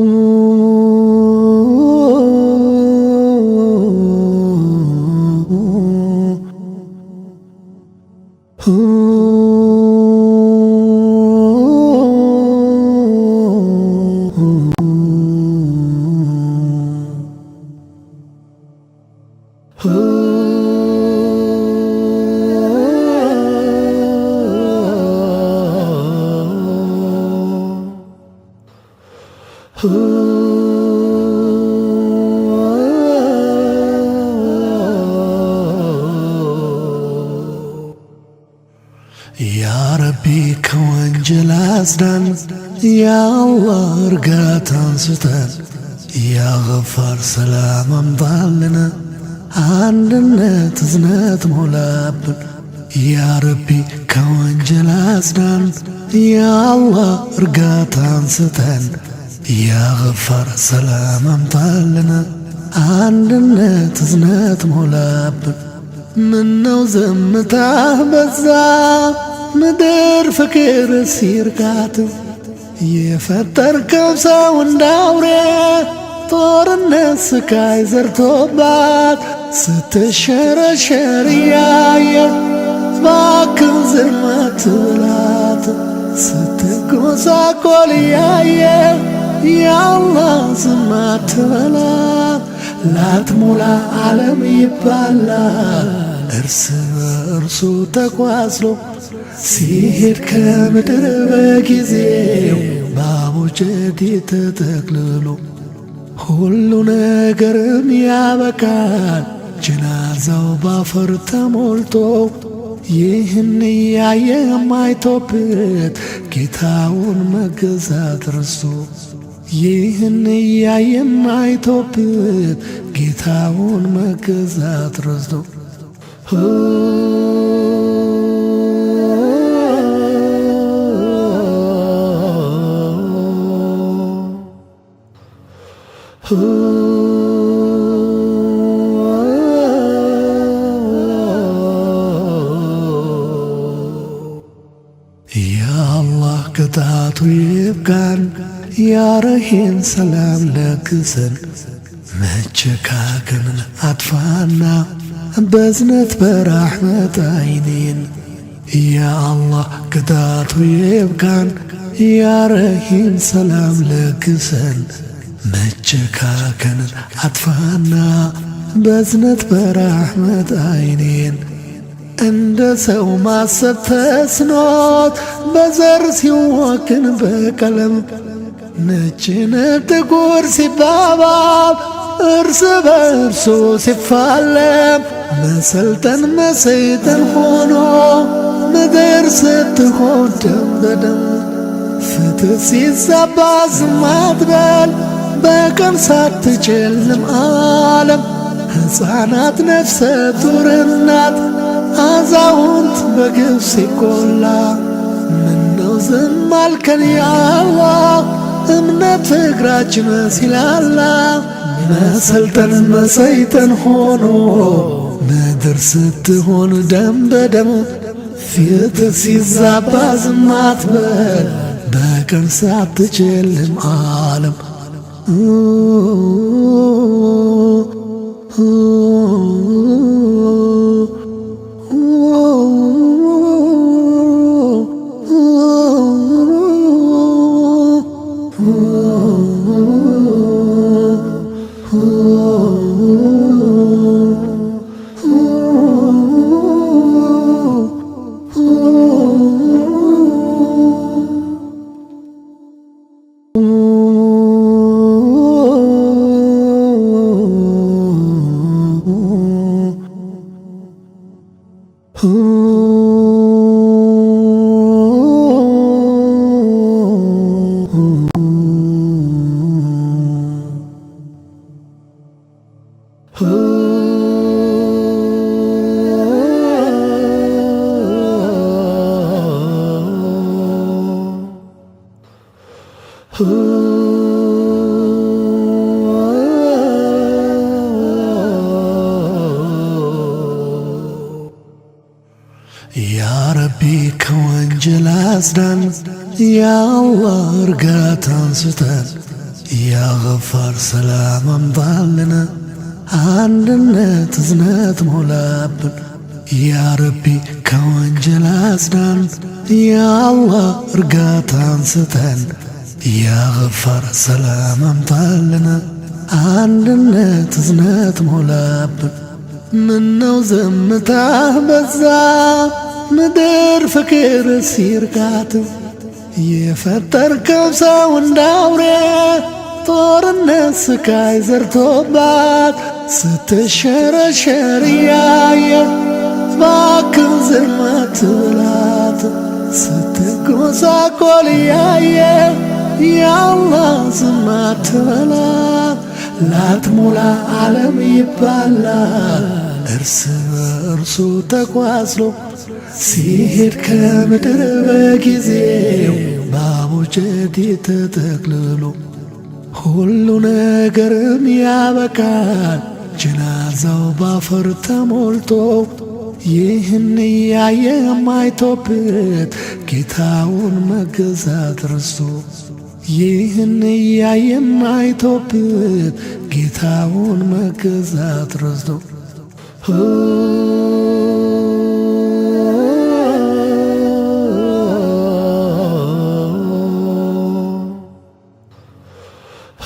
mm ያአላህ እርጋታ አንስተን ያገፋር ሰላም አምጣልን፣ አንድነት እዝነት ሞላብን፣ ያረቢ ከወንጀል አጽዳን። ያአላህ እርጋታ አንስተን ያገፋር ሰላም አምጣልን፣ አንድነት እዝነት ሞላብን። ምነው ዘምታህ በዛ ምድር ፍቅር ሲርጋት የፈጠርከው ሰው እንዳውሬ ጦርነት ስቃይ ዘርቶባት ስትሸረሸር እያየው ባክን ዝርማት ብላት ስትጎሳቆል እያየው ያላ ዝማት በላት ላትሞላ ዓለም ይባላል እርስ በእርሱ ተኳስሎ ሲሄድ ከምድር በጊዜው በአቡጀዴ ተጠቅልሎ ሁሉ ነገርም ያበቃል። ጅናዛው ባፈር ተሞልቶ ይህን ያየ ማይቶበት ጌታውን መገዛት ረስቶ ይህን ያየ ማይቶበት ጌታውን መገዛት ረስቶ የአላህ ቅጣቱ ይብቃን፣ ያረሄን ሰላም ለግሰን፣ መቸካከልን አጥፋና በዝነት በራሕመት አይኔን የአላህ ቅጣቱ ይብቃን፣ ያረሂም ሰላም ለግሰን መጨካከንን አጥፋና በዝነት በራህመት አይኔን እንደ ሰው ማሰብ ተስኖት በዘር ሲወክን በቀለም ነጭን ጥቁር ሲባባል እርስ በእርሱ ሲፋለም መሰልጠን መሰይጠን ሆኖ ምድር ስትሆን ደም በደም ፍትሕ ሲዛባ ዝም አትበል በቀን ሳትችልም ዓለም ሕፃናት ነፍሰ ጡርናት አዛውንት በግብ ሲቆላ ምነው ዝም አልከን ያላ እምነት እግራችን ሲላላ መሰልጠን መሰይጠን ሆኖ ምድር ስትሆን ደም በደም ፊት ሲዛባ ዝም በቀን ሳትችልም ዓለም Oh ያዝናን ያአላህ እርጋታን ስጠን፣ ያገፋር ሰላም አምጣልን፣ አንድነት እዝነት ሞላብን። ያረቢ ከወንጀል አጽዳን፣ ያአላህ እርጋታን ስጠን፣ ሰላም አምጣልን፣ አንድነት እዝነት ሞላብን። ምነው ዘምታ በዛ ምድር ፍቅር ሲርጋት የፈጠርከው ሰው እንዳውሬ ጦርነት ስቃይ ዘርቶባት ስትሸረሸር እያየ ባክን ዝርማት ብላት ስትጎሳቆል እያየ ያላ ዝማት በላት ላትሞላ ዓለም ይባላል እርስ በእርሱ ተቋስሎ ሲሄድ ከምድር በጊዜው በሙጀት ተጠቅልሎ ሁሉ ነገርም ያበቃል። ጅናዛው ባፈር ተሞልቶ ይህን እያየ የማይቶበት ጌታውን መገዛት ረስቶ ይህን እያየ የማይቶበት ጌታውን መገዛት ረስቶ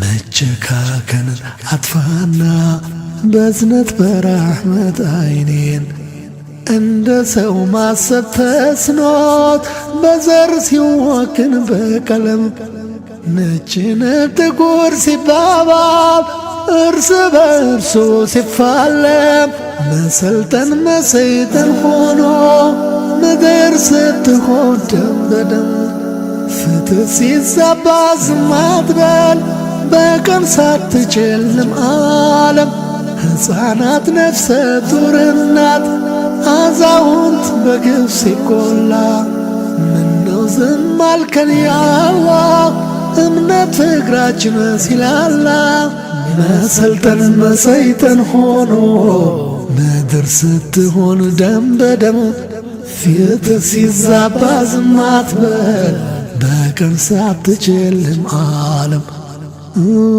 መቸካከን አጥፋና በዝነት በራህመት አይኔን እንደ ሰው ማሰብ ተስኖት በዘር ሲወክን በቀለም ነጭን ጥቁር ሲባባል እርስ በእርሱ ሲፋለም መሰልጠን መሰይጠን ሆኖ ምድር ስትሆን ደም በደም ፍትህ ሲዛባ ዝም በቀን ሳትጨልም ዓለም ሕፃናት ነፍሰ ጡርናት አዛውንት በግብ ሲቆላ ምነው ዝም አልከን ያዋ እምነት እግራችን ሲላላ መሰልጠን መሰይጠን ሆኖ ምድር ስትሆን ደም በደም ፊት ሲዛባ ዝም አትበል በቀን ሳትጨልም ዓለም Ooh.